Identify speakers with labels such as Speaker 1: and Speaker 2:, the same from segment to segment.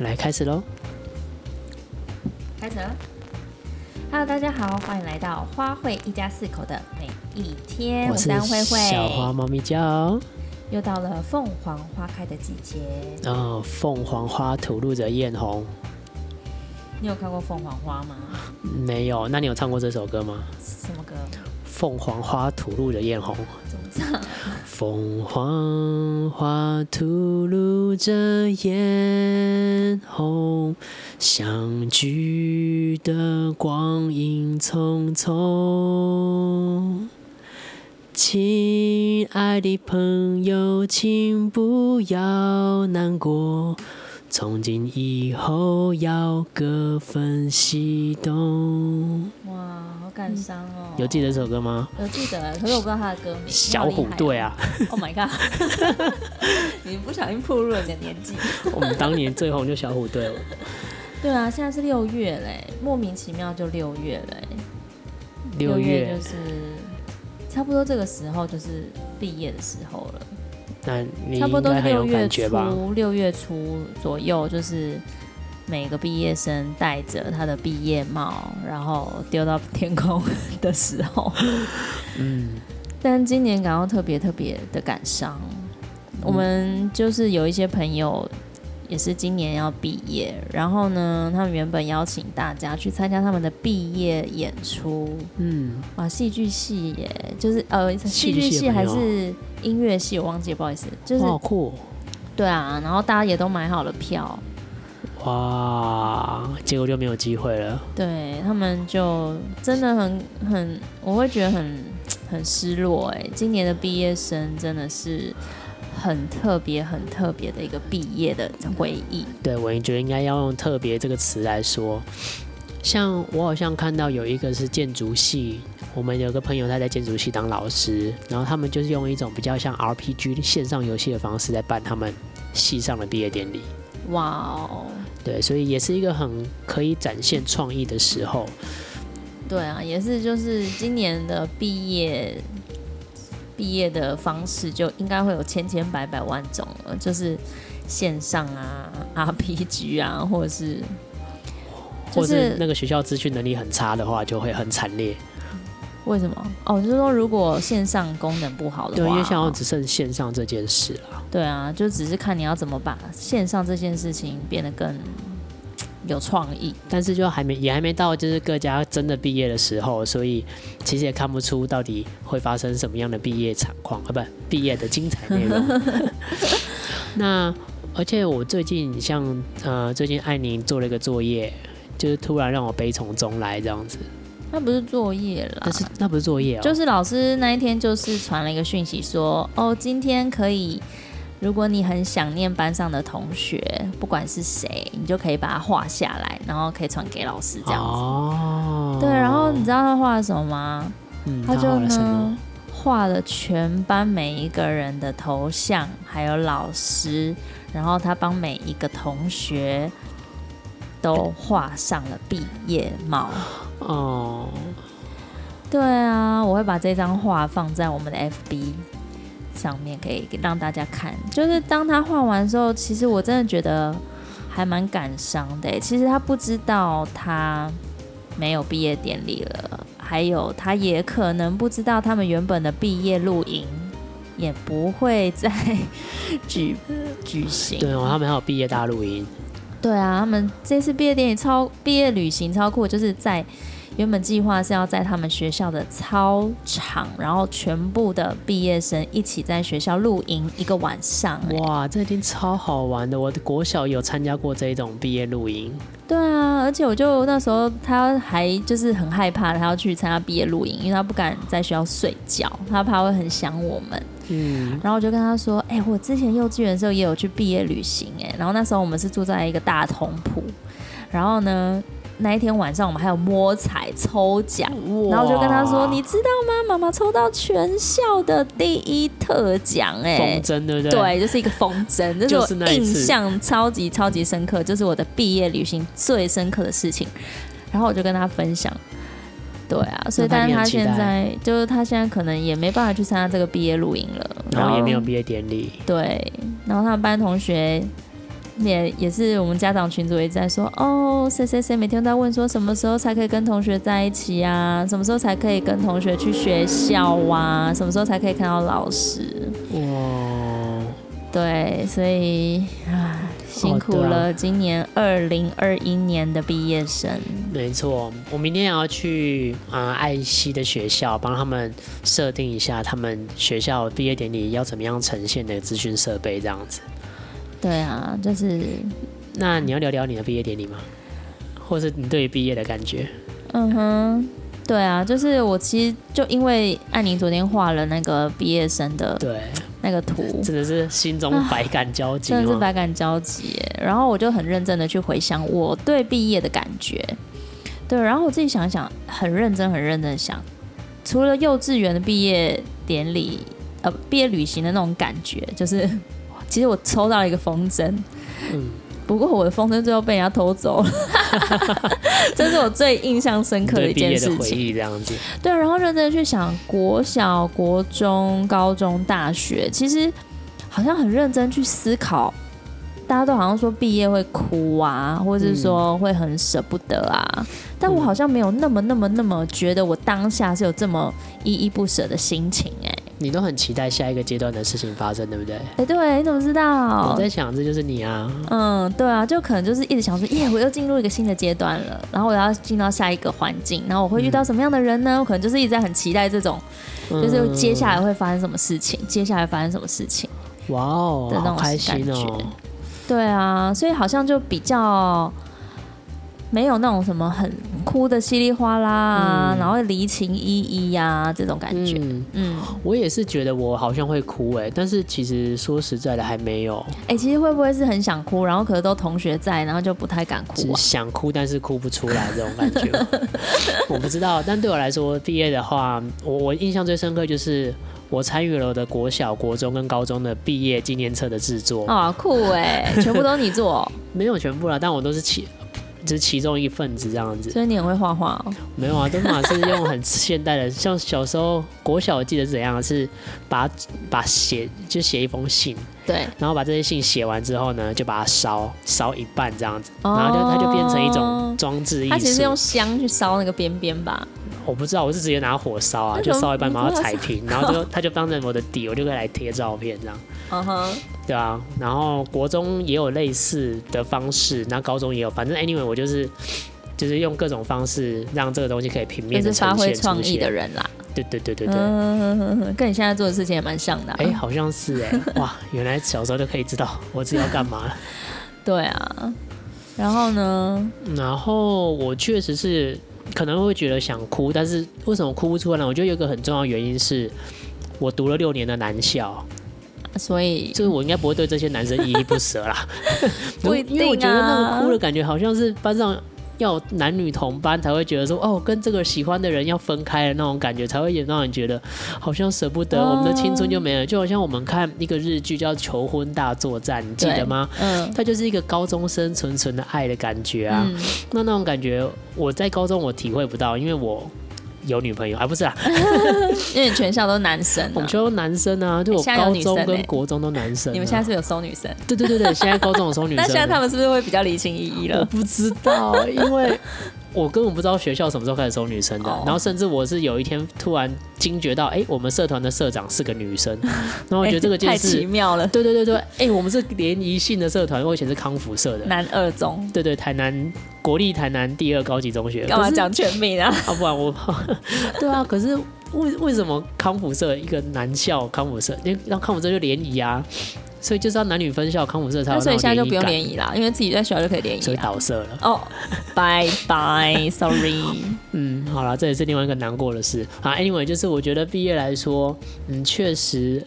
Speaker 1: 來開始嘍！開
Speaker 2: 始，開始了！Hello，大家好，歡迎來到花卉一家四口的每一天。我是慧慧，小花
Speaker 1: 貓咪叫。
Speaker 2: 又到了鳳凰花開的季節。嗯、
Speaker 1: 哦，鳳凰花吐露着艷紅。
Speaker 2: 你有看過鳳凰花嗎？
Speaker 1: 沒有。那你有唱過這首歌嗎？什麼歌？鳳凰花吐露着豔紅，鳳凰花吐露着豔紅，相聚的光陰匆匆，親愛的朋友，請不要難過，從今以後要各奔西東。
Speaker 2: 感傷哦、
Speaker 1: 嗯，有記得這首歌嗎？
Speaker 2: 有記得，可是我不知道他的歌名。小，小虎隊啊！Oh my god！ 你不小心曝露了你的年紀。
Speaker 1: 我們當年最紅就小虎隊了。
Speaker 2: 對啊，現在是六月嘞，莫名其妙就六月了。六月，六月就是差不多這個時候，就是畢業的時候了。
Speaker 1: 那差不多六月初，
Speaker 2: 六月初左右就是。每個畢業生戴着他的畢業帽，然後丟到天空 的時候，嗯，但今年感到特別特別的感傷。嗯，我們就是有一些朋友也是今年要畢業，然後呢，他們原本邀請大家去參加他們的畢業演出，嗯，哇，戲劇系耶，就是呃，戲劇系還是音樂系，我忘記了，不好意思，就是，好酷，對啊，然後大家也都買好了票。
Speaker 1: 哇！結果就沒有機會了。
Speaker 2: 對，他們就真的很很，我會覺得很很失落哎、欸。今年的畢業生真的是很特別、很特別的一個畢業的回
Speaker 1: 憶。嗯、對，我也覺得應該要用“特別”這個詞來說。像我好像看到有一個是建築系，我們有個朋友他在建築系當老師，然後他們就是用一種比較像 RPG 線上遊戲的方式來辦他們系上的畢業典禮。
Speaker 2: 哇哦！
Speaker 1: 對，所以也是一個很可以展現創意的時候，
Speaker 2: 嗯。對啊，也是就是今年的畢業，畢業的方式就應該會有千千百百萬種了，就是線上啊、RPG 啊，或是，就
Speaker 1: 是，或是那個學校資訊能力很差的話，就會很慘烈。
Speaker 2: 為什麼？哦，就是說，如果線上功能不好的話，對，因為現
Speaker 1: 在只剩線上這件事了。
Speaker 2: 對啊，就只是看你要怎麼把線上這件事情變得
Speaker 1: 更有創意。但是就還沒，也還沒到就是各家真的畢業的時候，所以其實也看不出到底會發生什麼樣的畢業慘況啊，不，不，畢業的精彩內容。 那而且我最近像呃，最近艾寧做了一個作業，就是突然讓我悲從中來這樣子。
Speaker 2: 那不是作業啦，但
Speaker 1: 是那不是作業啊、哦，就是
Speaker 2: 老師那一天就是傳了一個訊息說，哦，今天可以，如果你很想念班上的同學，不管是誰，你就可以把它畫下來，然後可以傳給老師這樣子。哦，
Speaker 1: 對，然後你
Speaker 2: 知道他畫了什麼嗎？嗯、他就呢畫了全班每一個人的頭像，還有老師，然後他幫每一個同學都畫上了畢業帽。哦，oh. 對啊，我會把這張畫放在我們的 FB 上面，可以讓大家看。就是當他畫完之後，其實我真的覺得還蠻感傷的。其實他不知道他沒有畢業典禮了，還有他也可能不知道他們原本的畢業露營也不會再
Speaker 1: 舉舉行。對哦，他們還有畢業大錄音。
Speaker 2: 對啊，他們這次畢業典禮超畢業旅行超酷，就是在，原本計劃是要在他們學校的操場，然後全部的畢業生
Speaker 1: 一起在學校露營一個晚上，欸。哇，這一定超好玩的！我的國小有參加過這一種畢業露營。
Speaker 2: 對啊，而且我就那時候他還就是很害怕，他要去參加畢業露營，因為他不敢在學校睡覺，他怕會很想我們。嗯，然後我就跟他說：“哎、欸，我之前幼稚園的時候也有去畢業旅行，欸，哎，然後那時候我們是住在一個大通鋪，然後呢？”那一天晚上，我們還有摸彩抽獎，哇然後就跟他說：“你知道嗎？媽媽抽到全校的第一特獎、欸，哎，風箏對不對？對，就是一個風箏，這 是我印象超級超級深刻，就是，就是我的畢業旅行最深刻的事情。然後我就跟他分享，對啊，所以但是他現在他就是他現在可能也沒辦法去參加這個畢業錄影
Speaker 1: 了，然後，然後也沒有畢業典禮，
Speaker 2: 對，然後他們班同學。”也也是我們家長群組一直在說，哦，誰誰誰每天都在問說什麼時候才可以跟同學在一起呀、啊？什麼時候才可以跟同學去學校啊？什麼時候才可以看到老師？
Speaker 1: 哇，
Speaker 2: 對，所以啊，辛苦了，今年二零二一年的畢業生。
Speaker 1: 哦啊、沒錯，我明天也要去啊，愛、呃、惜的學校幫他們設定一下他們學校畢業典禮要怎麼樣呈現的資訊設備這樣子。對啊，就是那你要聊聊你的畢業典禮嗎？或是你對畢業的感覺？嗯哼，
Speaker 2: 對啊，就是我其實就因為艾寧昨天畫了那個畢業生的對那個圖，
Speaker 1: 真的是心中百感交集、啊，真的是百感
Speaker 2: 交集。然後我就很認真的去回想我對畢業的感覺，對，然後我自己想想，很認真很認真地想，除了幼稚園的畢業典禮，呃，畢業旅行的那種感覺，就是。其實我抽到一個風箏，嗯、不過我的風箏最後被人家偷走了， 這是我最印象深刻的一件事情。對，對，然後認真去想國小、國中、高中、大學，其實好像很認真去思考。大家都好像說畢業會哭啊，或是說會很捨不得啊，嗯、但我好像沒有那麼、那
Speaker 1: 麼、那麼覺得我當下是有這麼依依不捨的心情、欸，哎。你都很期待下一個階段的事情發生，對
Speaker 2: 不對？哎，欸、對，你怎麼知道？我在
Speaker 1: 想，這就是你啊。嗯，
Speaker 2: 對啊，就可能就是一直想說，耶，我又進入一個新的階段了，然後我要進到下一個環境，然後我會遇到什麼樣的人呢？嗯、我可能就是一直在很期待這種，嗯、就是接下來會發生什麼事情，嗯、接下來會發生什麼事情。
Speaker 1: 哇哦，的那種感覺。開心哦、
Speaker 2: 對啊，所以好像就比較。沒有那種什麼很哭的稀里嘩啦啊，嗯、然後離情依依呀、啊、這種感覺。嗯，
Speaker 1: 嗯我也是覺得我好像會哭哎、欸，但是其實說實在的還沒有。
Speaker 2: 哎、欸，其實會不會是很想哭，然後可能都同學在，然後就不太敢哭啊？
Speaker 1: 想哭但是哭不出來 這種感覺， 我不知道。但對我來說畢業的話，我我印象最深刻就是我參與了我的國小、國中跟高中的畢業紀念冊的製作。
Speaker 2: 啊、哦，酷哎、欸！ 全
Speaker 1: 部都是你做、哦？沒有全部了，但我都是起。就是其中一份子這樣子，所
Speaker 2: 以你很會畫畫哦？
Speaker 1: 沒有啊，都嘛是用很現代的， 像小時候國小我記得怎樣是把把寫就寫一封信，對，然後把這些信寫完之後呢，就把它燒燒一半這樣子，哦，然後就它就變成一種裝置。它其實是用
Speaker 2: 香去燒那個邊邊吧。
Speaker 1: 我不知道，我是直接拿火燒啊，就燒一半，把它踩平，燒然後就好他就當成我的底，我就可以來貼照片這樣。
Speaker 2: Uh huh.
Speaker 1: 對啊。然後國中也有類似的方式，那高中也有，反正 anyway 我就是就是用各種方式讓這個東西可以平面的呈現出來，就是發揮創意的人啦，對對對對，對、
Speaker 2: 嗯、跟你現在做的事情也蠻像
Speaker 1: 的。啊。哎，欸，好像是哎， 哇，原來小時候就可以知道我自己要幹嘛了。
Speaker 2: 對啊，然後呢？
Speaker 1: 然後我確實是。可能會覺得想哭，但是為什麼哭不出來呢？我覺得有一個很重要原因是我讀了六年的男校，所以就是我應該不會對這些男生依依不捨啦。不 對， 因為我覺得那個哭的感覺好像是班上。要男女同班才會覺得說，哦，跟這個喜歡的人要分開的那種感覺，才會也讓你覺得好像舍不得，嗯、我們的青春就沒了。就好像我們看一個日劇叫《求婚大作戰》，你記得嗎？嗯，它就是一個高中生純純的愛的感覺啊。那、嗯、那種感覺我在高中我體會不到，因為我。有女朋友還、哎、不是啊？
Speaker 2: 因為你全校都男生、啊，我們全男生啊，
Speaker 1: 就我高中跟國中都男生、啊生欸。你們現
Speaker 2: 在是有收女生？對對對對，現
Speaker 1: 在高中有收女生。 那現在他們
Speaker 2: 是不是會比較離情依依了？我不
Speaker 1: 知道，因為。我根本不知道學校什麼時候開始收女生的，oh. 然後甚至我是有一天突然驚覺到，哎、欸，我們社團的社長是個女生，然後我覺得這個是、欸、太奇妙了，對對對對，哎、欸，我們是聯誼性的社團，因為以前是康輔社的，南二中，對，對對，台南國立台南第二高級中學，幹嘛講全名啊？啊，不然我，對啊，可是為為什麼康輔社一個男校康輔社，那、欸、康輔社就聯誼啊？所以就是要男女分校康，康復社才有聯誼感。所以現在就不用聯誼啦，因為自己在學校就可以聯誼。所以倒社了。哦，拜拜，Sorry。 嗯，好了，這也是另外一個難過的事啊。Anyway，就是我覺得畢業來說，嗯，確實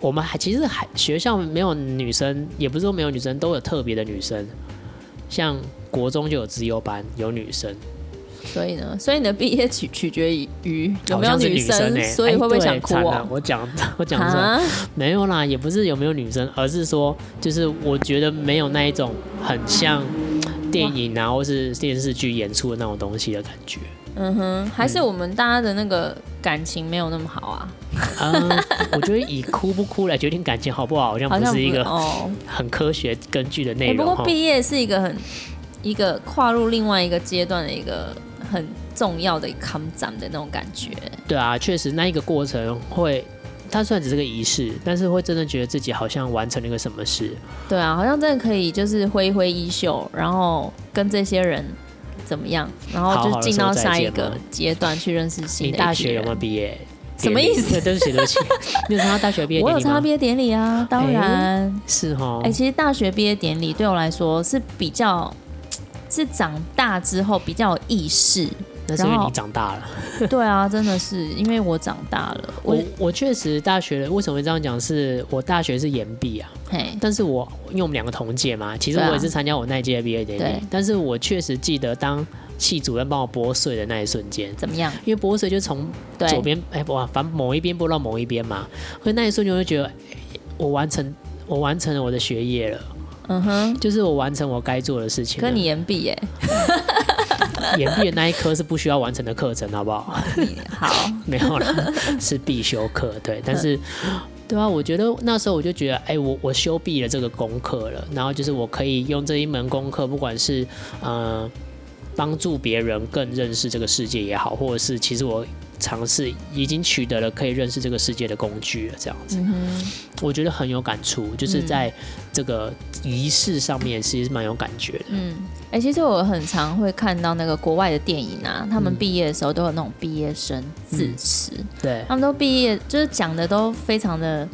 Speaker 1: 我們還其實還學校沒有女生，也不是說沒有女生，都有特別的女生，像國中就有資優班，有女生。所以呢，
Speaker 2: 所以你的畢業取取決於有沒有女生，女生欸、所以會不會想哭喔、
Speaker 1: 我講，我講，我講說啊、沒有啦，也不是有沒有女生，而是說，就是我覺得沒有那一種很像電影啊或是電視劇演出的那種東西的感覺。
Speaker 2: 嗯哼，還是我們大家的那個感情沒有那麼好啊嗯。
Speaker 1: 嗯，我覺得以哭不哭來決定感情好不好，好像不是一個很科學根據的內容、欸。不過畢業
Speaker 2: 是一個很一個跨入另外一個階段的一個。很重要的抗戰的那種感覺。
Speaker 1: 對啊，確實那一個過程會，它雖然只是一個儀式，但是會真的覺得自己好像完成了一個什麼事。
Speaker 2: 對啊，好像真的可以就是揮一揮衣袖，然後跟這些人怎麼樣，然後就進到下一個階段去認識新的人的。你大學有沒有畢業？什麼意思？對不起，對不起。你有參加
Speaker 1: 大學畢業典禮？我有參加畢業
Speaker 2: 典禮啊，當然、
Speaker 1: 欸、是哈、哦。哎、欸，其
Speaker 2: 實大學畢業典禮對我來說是比較。是長大之後比較有意識，那是因為你長
Speaker 1: 大了。
Speaker 2: 對啊，真的是因為我長大了。我
Speaker 1: 我確實大學，為什麼會這樣講？是我大學是延畢啊。嘿但是我因為我們兩個同屆嘛，其實我也是參加我那屆的畢業典禮。對但是我確實記得當系主任幫我撥穗的那一瞬間，怎麼樣？因為撥穗就從左邊哎對、欸、哇，反正某一邊撥到某一邊嘛。所以那一瞬間我就覺得、欸，我完成，我完成了我的學業了。嗯哼，就是我完成我該做的事情。可你延畢耶、欸， 延畢的那一科是不需要完成的課程，好不好？好， 沒有了，是必修課。對，但是，對啊，我覺得那時候我就覺得，哎、欸，我我修畢了這個功課了，然後就是我可以用這一門功課，不管是嗯幫、呃、助別人更認識這個世界也好，或者是其實我。嘗試已經取得了可以認識這個世界的工具了，這樣子，嗯、哼我覺得很有感觸。就是在這個儀式上面，其實是蠻有感覺的。
Speaker 2: 嗯，哎、欸，其實我很常會看到那個國外的電影啊，他們畢業的時候都有那種畢業生
Speaker 1: 致辭、嗯嗯，對，他
Speaker 2: 們都畢業就是講的都非常的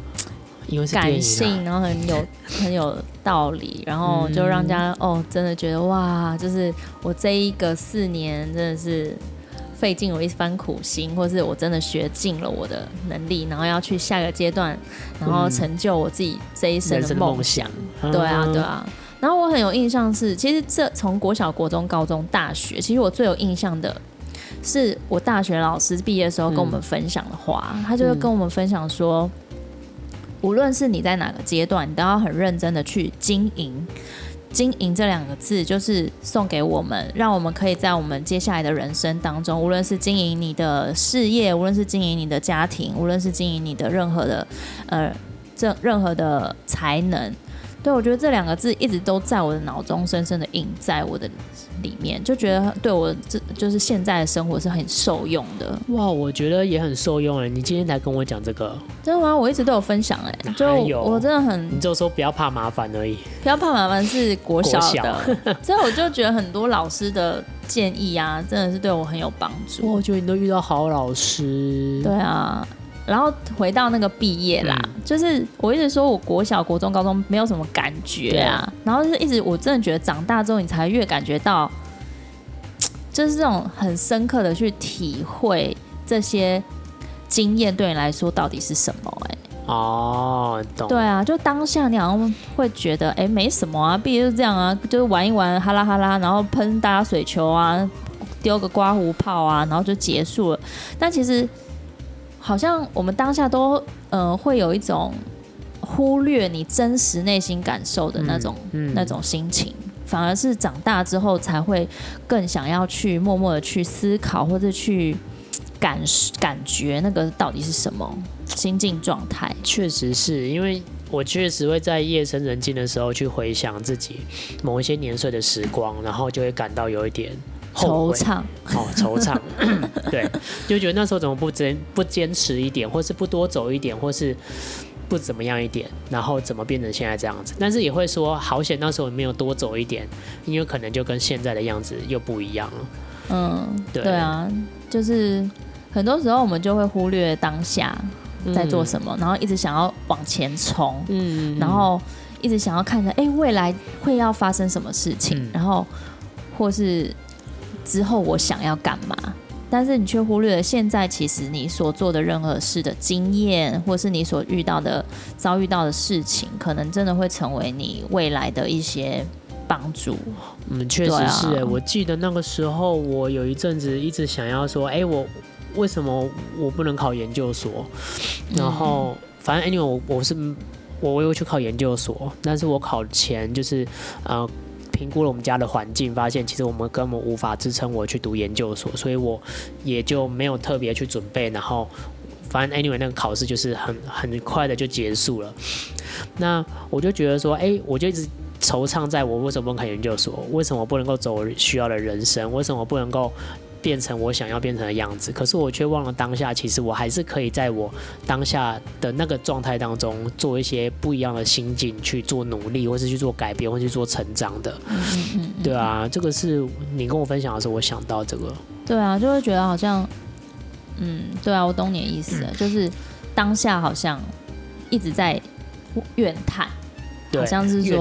Speaker 1: 感性，然
Speaker 2: 後很有很有道理，然後就讓人家、嗯、哦真的覺得哇，就是我這一個四年真的是。費盡我一番苦心，或是我真的學盡了我的能力，然後要去下一個階段，然後成就我自己這一生的夢想。對啊，對啊。然後我很有印象是，其實這從國小、國中、高中、大學，其實我最有印象的是我大學老師畢業的時候跟我們分享的話，嗯，他就會跟我們分享說，無論是你在哪個階段，你都要很認真的去經營。經營這兩個字，就是送給我們，讓我們可以在我們接下來的人生當中，無論是經營你的事業，無論是經營你的家庭，無論是經營你的任何的，呃，這任何的才能。對，我覺得這兩個字一直都在我的腦中深深的印在我的裡面，就覺得對我這就是現在的生活
Speaker 1: 是很受用的。哇，我覺得也很受用哎！你今天來跟我講這個，
Speaker 2: 真的嗎、啊？我一直都有分享哎，有就我，我真的很，你
Speaker 1: 就說不要怕麻煩而已。
Speaker 2: 不要怕麻煩是國小的，國小 所以我就覺得很多老師的建議啊，真的是對我很有幫
Speaker 1: 助。哇，我覺得你都遇到好老師，對啊。
Speaker 2: 然後回到那個畢業啦，嗯、就是我一直說，我國小、國中、高中沒有什麼感覺啊。對然後就是一直，我真的覺得長大之後，你才越感覺到，就是這種很深刻的去體會這些經驗對你來說到底是什麼、欸。哎，
Speaker 1: 哦，懂。對
Speaker 2: 啊，就當下你好像會覺得，哎，沒什麼啊，畢業就這樣啊，就是玩一玩，哈啦哈啦，然後噴大家水球啊，丟個刮鬍泡啊，然後就結束了。但其實。好像我們當下都，呃，會有一種忽略你真實內心感受的那種，嗯嗯、那種心情，反而是長大之後才會更想要去默默的去思考，或者去感感覺那個到底是什麼心境狀態。
Speaker 1: 確實是因為我確實會在夜深人靜的時候去回想自己某一些年歲的時光，然後就會感到有一點。惆悵，好、哦、惆悵。 對，就覺得那時候怎麼不堅不堅持一點，或是不多走一點，或是不怎麼樣一點，然後怎麼變成現在這樣子？但是也會說，好險那時候沒有多走一點，因為可能就跟現在的樣子又不一樣了。
Speaker 2: 嗯，對，對啊，就是很多時候我們就會忽略當下在做什麼，嗯、然後一直想要往前衝，嗯，嗯，然後一直想要看着，哎、欸，未來會要發生什麼事情，嗯、然後或是。之後我想要幹嘛？但是你卻忽略了現在其實你所做的任何事的經驗，或是你所遇到的遭遇到的事情，可能真的會成為你未來的一些
Speaker 1: 幫助。嗯，確實是。啊、我記得那個時候，我有一陣子一直想要說，哎、欸，我為什麼我不能考研究所？然後、嗯、反正 anyway，我我是我我又去考研究所，但是我考前就是呃。評估了我們家的環境，發現其實我們根本無法支撐我去讀研究所，所以我也就沒有特別去準備。然後，反正 anyway 那個考試就是很很快的就結束了。那我就覺得說，誒，我就一直惆悵，在我為什麼不能考研究所？為什麼不能夠走需要的人生？為什麼不能夠？變成我想要變成的樣子，可是我卻忘了當下。其實我還是可以在我當下的那個狀態當中，做一些不一樣的心境，去做努力，或是去做改變，或是去做成長的。嗯嗯嗯，對啊，這個是你跟我分享的時候，我想到這個。
Speaker 2: 對啊，就會覺得好像，嗯，對啊，我懂你的意思了，嗯，就是當下好像一直在怨嘆，對好像是說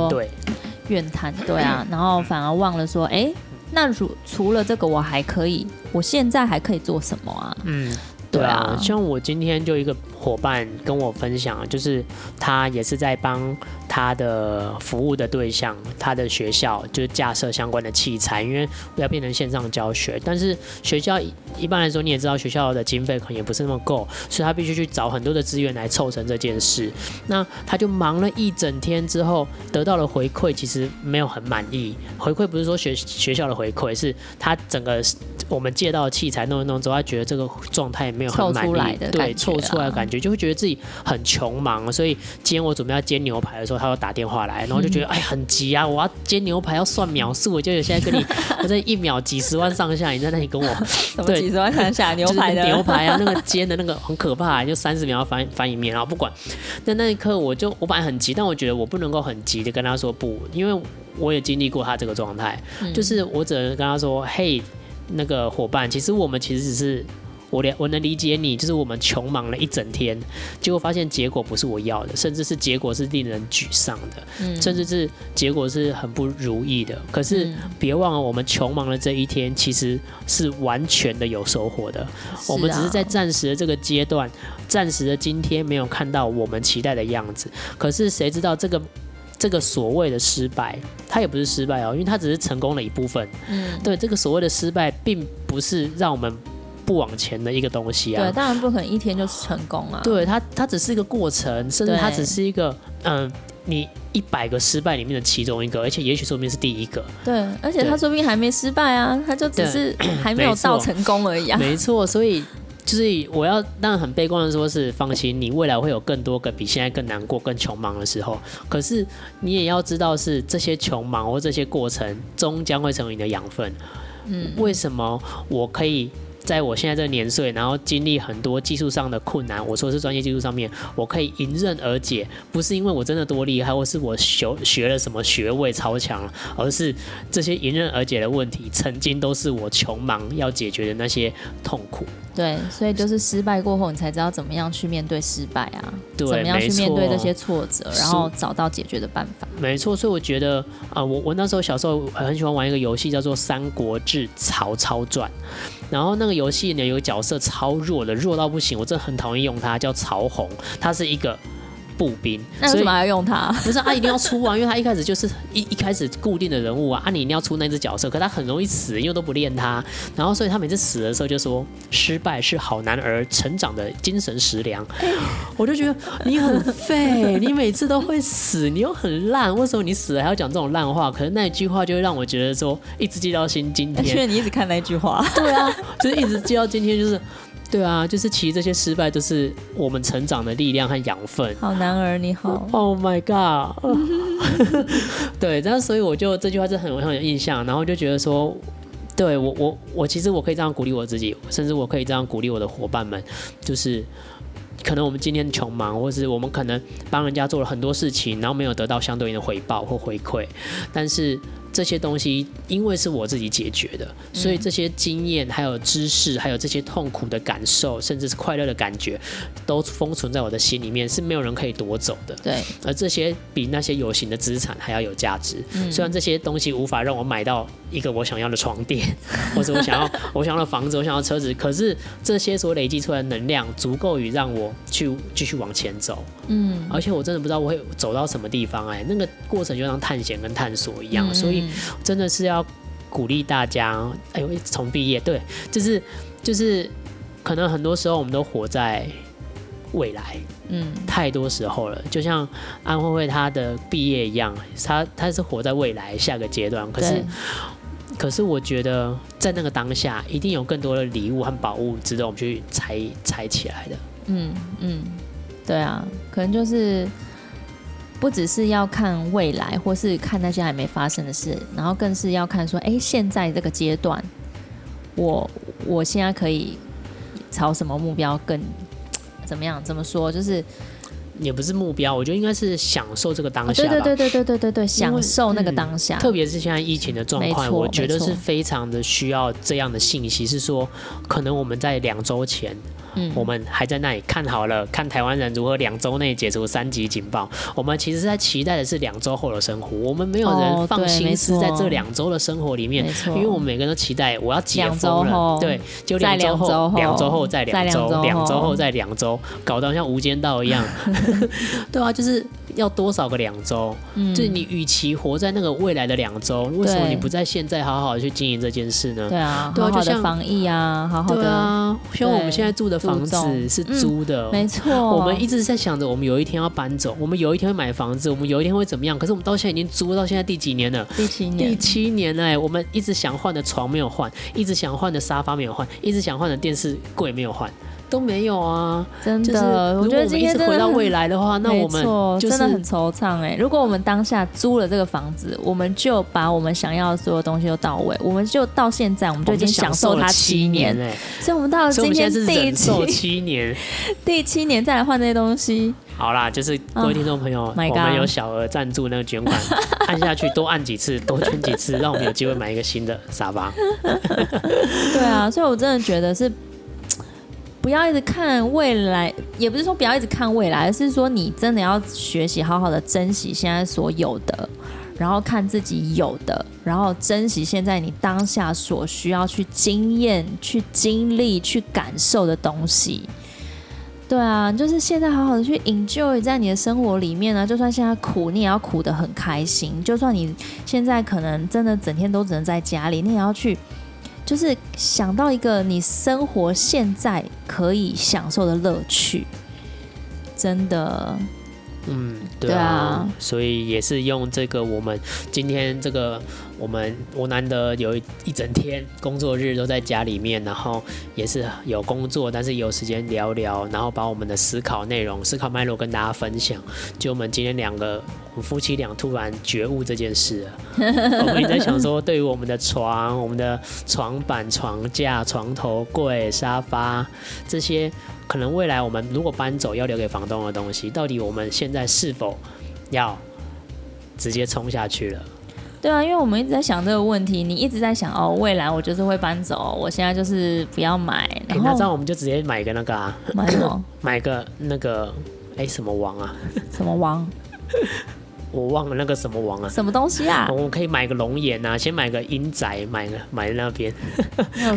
Speaker 2: 怨嘆對。對啊，然後反而忘了說，哎、嗯。欸那如，除了這個，我還可以，我現在還可以做什麼啊？嗯，
Speaker 1: 對啊，像我今天就一個。夥伴跟我分享，就是他也是在幫他的服務的對象，他的學校就是架設相關的器材，因為要變成線上教學。但是學校一般來說你也知道，學校的經費可能也不是那麼夠，所以他必須去找很多的資源來湊成這件事。那他就忙了一整天之後，得到了回饋，其實沒有很滿意。回饋不是說學學校的回饋，是他整個我們借到的器材弄一弄之後，他覺得這個狀態也沒有很滿意，湊出來的感覺啊，對，湊出來的感覺。就會覺得自己很窮忙，所以今天我準備要煎牛排的時候，他又打電話來，然後就覺得、嗯、哎很急啊，我要煎牛排要算秒數，我就有現在跟你 我在一秒幾十萬上下，你在那裡跟我什麼幾十萬上下牛排的 牛排啊，那個煎的那個很可怕，就三十秒翻翻一面，然後不管。但那，那一刻我就我本來很急，但我覺得我不能夠很急的跟他說不，因為我也經歷過他這個狀態，嗯、就是我只能跟他說嘿，那個夥伴，其實我們其實只是。我了，我能理解你，就是我們窮忙了一整天，結果發現結果不是我要的，甚至是結果是令人沮喪的，嗯、甚至是結果是很不如意的。可是別忘了，我們窮忙的這一天其實是完全的有收穫的。嗯、我們只是在暫時的這個階段，啊、暫時的今天沒有看到我們期待的樣子。可是誰知道這個這個所謂的失敗，它也不是失敗哦，因為它只是成功的一部分。嗯，對，這個所謂的失敗，並不是讓我們。不往前的一個東西啊，對，當
Speaker 2: 然不可能一天就成功啊。對，
Speaker 1: 它它只是一個過程，甚至它只是一個，對嗯，你一百個失敗裡面的其中一個，而且也許說不定是第一個。
Speaker 2: 對，而且他說不定還沒失敗啊，他對就只是還沒有到成功而已啊。沒
Speaker 1: 錯，所以就是我要當然很悲觀的說是，是放心，你未來會有更多個比現在更難過、更窮忙的時候。可是你也要知道是，是這些窮忙或這些過程，終將會成為你的養分。嗯，為什麼我可以在我現在這年歲，然後經歷很多技術上的困難，我說是專業技術上面，我可以迎刃而解，不是因為我真的多厲害，或是我學學了什麼學位超強，而是這些迎刃而解的問題，曾經都是我窮忙要解決的那些痛苦。
Speaker 2: 對，所以就是失敗過後，你才知道怎麼樣去面對失敗啊，對怎麼樣去面對這些挫折，錯然後找到解決的辦法。
Speaker 1: 沒錯，所以我覺得啊、呃，我我那時候小時候很喜歡玩一個遊戲，叫做《三國志曹操傳》。然後那個遊戲呢，有個角色超弱的，弱到不行，我真的很討厭用它，叫曹洪，它是一個。步兵，那為什麼還要用他？不是，他、啊、一定要出啊，因為他一開始就是一一開始固定的人物啊，啊你一定要出那隻角色。可是他很容易死，因為都不練他。然後，所以他每次死的時候就說：“失敗是好男兒成長的精神食糧。”我就覺得你很廢，你每次都會死，你又很爛，為什麼你死了還要講這種爛話？可是那一句話就會讓我覺得說，一直記到今今天，因為你一
Speaker 2: 直看那句話，對啊，
Speaker 1: 就是一直記到今天，就是。對啊，就是其實這些失敗都是我們成長的力量和養分。
Speaker 2: 好男兒，你好。Oh my God！
Speaker 1: 對，然後所以我就這句話是很很有印象，然後就覺得說，對我我我其實我可以這樣鼓勵我自己，甚至我可以這樣鼓勵我的夥伴們，就是可能我們今天窮忙，或是我們可能幫人家做了很多事情，然後沒有得到相對應的回報或回饋，但是。這些東西因為是我自己解決的，所以這些經驗、還有知識、還有這些痛苦的感受，甚至是快樂的感覺，都封存在我的心裡面，是沒有人可以奪走的。對。而這些比那些有形的資產還要有價值。嗯。雖然這些東西無法讓我買到一個我想要的床墊，或者我想要 我想要的房子，我想要的車子，可是這些所累積出來的能量，足夠於讓我去繼續往前走。嗯。而且我真的不知道我會走到什麼地方，哎、欸，那個過程就像探險跟探索一樣，所以、嗯。嗯、真的是要鼓勵大家，哎呦，從畢業。對，就是就是，可能很多時候我們都活在未來，嗯，太多時候了，就像安慧慧她的畢業一樣，她她是活在未來下個階段，可是對可是我覺得在那個當下，一定有更多的禮物和寶物值得我們去採採起來的，嗯
Speaker 2: 嗯，對啊，可能就是。不只是要看未來，或是看那些還沒發生的事，然後更是要看說，誒，現在這個階段，我我現在可以朝什麼目標更怎麼樣？怎麼說？就是也不
Speaker 1: 是目標，我覺得應該是享受這個當下。哦。對對對
Speaker 2: 對對對對，享受那個當下。嗯。特別是
Speaker 1: 現在疫情的狀況，沒錯。我覺得是非常的需要這樣的信息，沒錯。是說可能我們在兩周前。嗯，我們還在那裡看好了，看台灣人如何兩周內解除三級警報。我們其實是在期待的是兩周後的生活。我們沒有人放心思在這兩周的生活裡面，因為我們每個人都期待我要解封了。對，就兩周後，兩周後再兩周，兩周後再兩周，搞得好像無間道一樣。對啊，就是要多少個兩周？嗯，就你與其活在那個未來的兩周，為什麼你不在現在好好的去經營這件事呢？對啊，對啊，就像防
Speaker 2: 疫啊，好好的，
Speaker 1: 像我們現在住的房子是租的，嗯，沒錯。我們一直在想着，我們有一天要搬走，我們有一天會買房子，我們有一天會怎麼樣？可是我們到現在已經租到現在第幾年了？第七年，第七年哎，我們一直想換的床沒有換，一直想換的沙發沒有換，一直想換的電視櫃沒有換。都沒有啊，真的，的真的。我覺得今天回到未來的話，那我們、就是、真的很
Speaker 2: 惆悵哎、欸。如果我們當下租了這個房子，我們就把我們想要的所有東西都到位，我們就到現在，我們就已經享受它七年哎。了年欸、所以我們到了今天第七年，七年 第七年再來換這些東西。
Speaker 1: 好啦，就是各位聽眾朋友，uh, 我們有小額贊助那個捐款， 按下去多按幾次，多捐幾次，讓我們有機會買一個新的沙發。
Speaker 2: 對啊，所以我真的覺得是。不要一直看未來，也不是說不要一直看未來，而是說你真的要學習好好的珍惜現在所有的，然後看自己有的，然後珍惜現在你當下所需要去經驗、去經歷、去感受的東西。對啊，就是現在好好的去 enjoy 在你的生活裡面呢。就算現在苦，你也要苦得很開心。就算你現在可能真的整天都只能在家裡，你也要去。就是想到一個你生活現在可以享受的樂趣，真的，
Speaker 1: 嗯，對啊，對啊，所以也是用這個我們今天這個。我們我難得有一整天工作日都在家裡面，然後也是有工作，但是有時間聊聊，然後把我們的思考內容、思考脈絡跟大家分享。就我們今天兩個夫妻倆突然覺悟這件事了，我們 在想說，對於我們的床、我們的床板、床架、床頭櫃、沙發這些，可能未來我們如果搬走要留給房東的東西，到底我們現在是否要直接衝下去了？
Speaker 2: 對啊，因為我們一直在想這個問題。你一直在想哦，未來我就是會搬走，我現在就是不要買。
Speaker 1: 那這樣我們就直接買個那個啊，買什麼？買個那個哎什麼王啊？
Speaker 2: 什麼王？
Speaker 1: 我忘了那個什麼王啊？什麼東西啊、哦？我可以買個龍眼啊，先買個陰宅，買個買在那邊。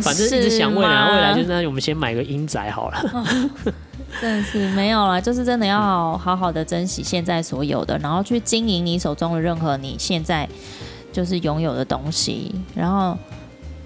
Speaker 2: 反正一直想未來，嗎未來就是
Speaker 1: 我們先買個陰宅好了。
Speaker 2: 哦、真是沒有了，就是真的要好好好的珍惜現在所有的，嗯、然後去經營你手中的任何你現在，就是擁有的東西，然後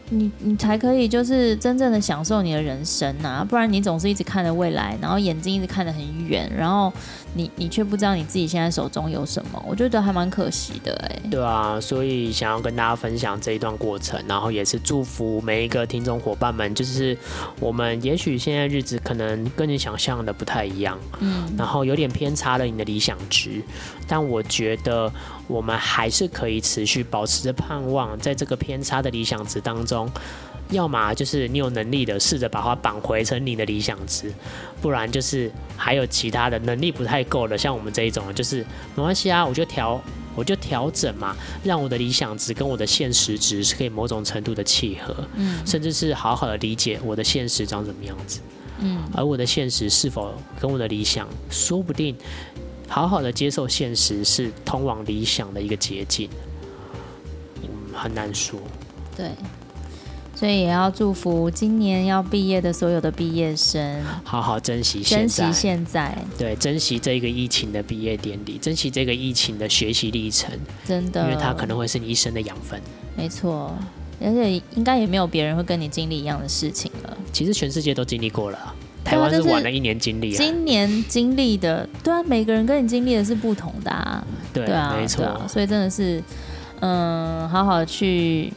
Speaker 2: 你你才可以就是真正的享受你的人生吶，不然你總是一直看着未來，然後眼睛一直看得很遠，然後你你卻不知道你自己現在手中有什麼，我覺得還蠻可惜的
Speaker 1: 哎。對啊，所以想要跟大家分享這一段過程，然後也是祝福每一個聽眾夥伴們，就是我們也許現在日子可能跟你想象的不太一樣，嗯，然後有點偏差了你的理想值，但我覺得。我們還是可以持續保持着盼望，在這個偏差的理想值當中，要麼就是你有能力的，試着把它綁回成你的理想值，不然就是還有其他的能力不太夠的，像我們這一種，就是沒關係啊，我就調，我就調整嘛，讓我的理想值跟我的現實值是可以某種程度的契合，嗯，甚至是好好的理解我的現實長什麼樣子，嗯，而我的現實是否跟我的理想，說不定，好好的接受現實是通往理想的一個捷徑，嗯，很難說。
Speaker 2: 對，所以也要祝福今年要畢業的所有的畢業生，
Speaker 1: 好好珍惜現在，珍惜現在。對，珍惜這個疫情的畢業典禮，珍惜這個疫情的學習歷程，
Speaker 2: 真的，因為它可能
Speaker 1: 會是你一生的養分。
Speaker 2: 沒錯，而且應該也沒有別人會跟你經歷一樣的事情了。
Speaker 1: 其實全世界都經歷過了。台灣是晚了一年經歷啊，今
Speaker 2: 年經歷的，對啊，每個人跟你經歷的是不同的啊，對啊，沒錯，啊，所以真的是，嗯，好好去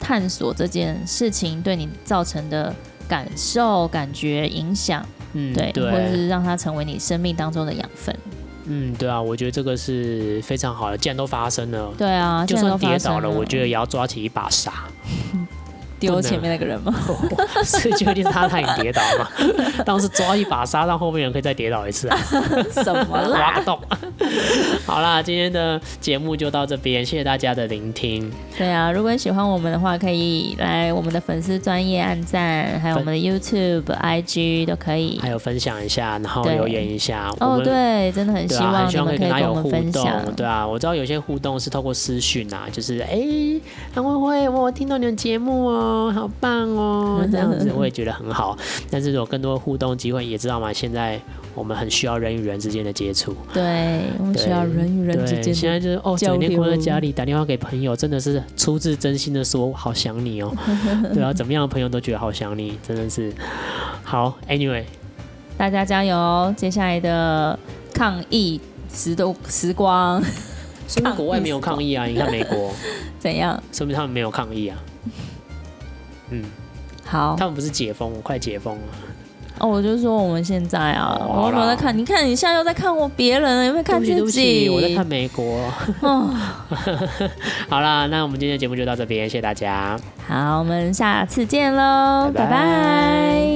Speaker 2: 探索這件事情對你造成的感受、感覺、影響，
Speaker 1: 嗯，對，或者是
Speaker 2: 讓它成為你生命當中的養分，
Speaker 1: 嗯，對啊，我覺得這個是非常好的，既然都發生了，對啊，就算跌倒了，嗯，我覺得也要抓起一把沙。有前面那個人嗎？ 哦、所以一定是他讓你跌倒嘛。當時抓一把沙，讓後面人可以再跌倒一次，啊。 什麼挖啦洞？ 好啦，今天的節目就到這邊，謝謝大家的聆聽。
Speaker 2: 對啊，如果你喜歡我們的話，可以來我們的粉絲專頁按讚，還有我們的
Speaker 1: YouTube、IG 都可以，嗯，還有分享一下，然後留言一下。對們哦，對，
Speaker 2: 真的很希望、啊、很希望你們可以跟我們互動。對
Speaker 1: 啊，我知道有些互動是透過私訊啊，就是哎，安慧慧，我聽到你的節目哦，喔。哦，好棒哦！這樣子我也覺得很好，但是有更多的互動機會，也知道嘛。現在我們很需要人與人之間的接觸。對，我們需要人與人之間。現在就是哦，整天困在家裡，打電話給朋友，真的是出自真心的說“好想你”哦。對啊，怎麼樣的朋友都覺得好想你，真的是好。Anyway，
Speaker 2: 大家加油！接下來的抗議時都時光，說明國外沒有抗議啊？你看美國怎樣？
Speaker 1: 說明他們沒有抗議啊？嗯，好，他們不是解封，我快解封了。
Speaker 2: 哦，我就說我們現在啊，哦、我在看，你看你現在又在看我別人，
Speaker 1: 有沒有看自己？我在看美國。 哦， 好了，那我們今天的節目就到這邊，謝謝大家。好，我們下
Speaker 2: 次見嘍，拜拜。拜拜。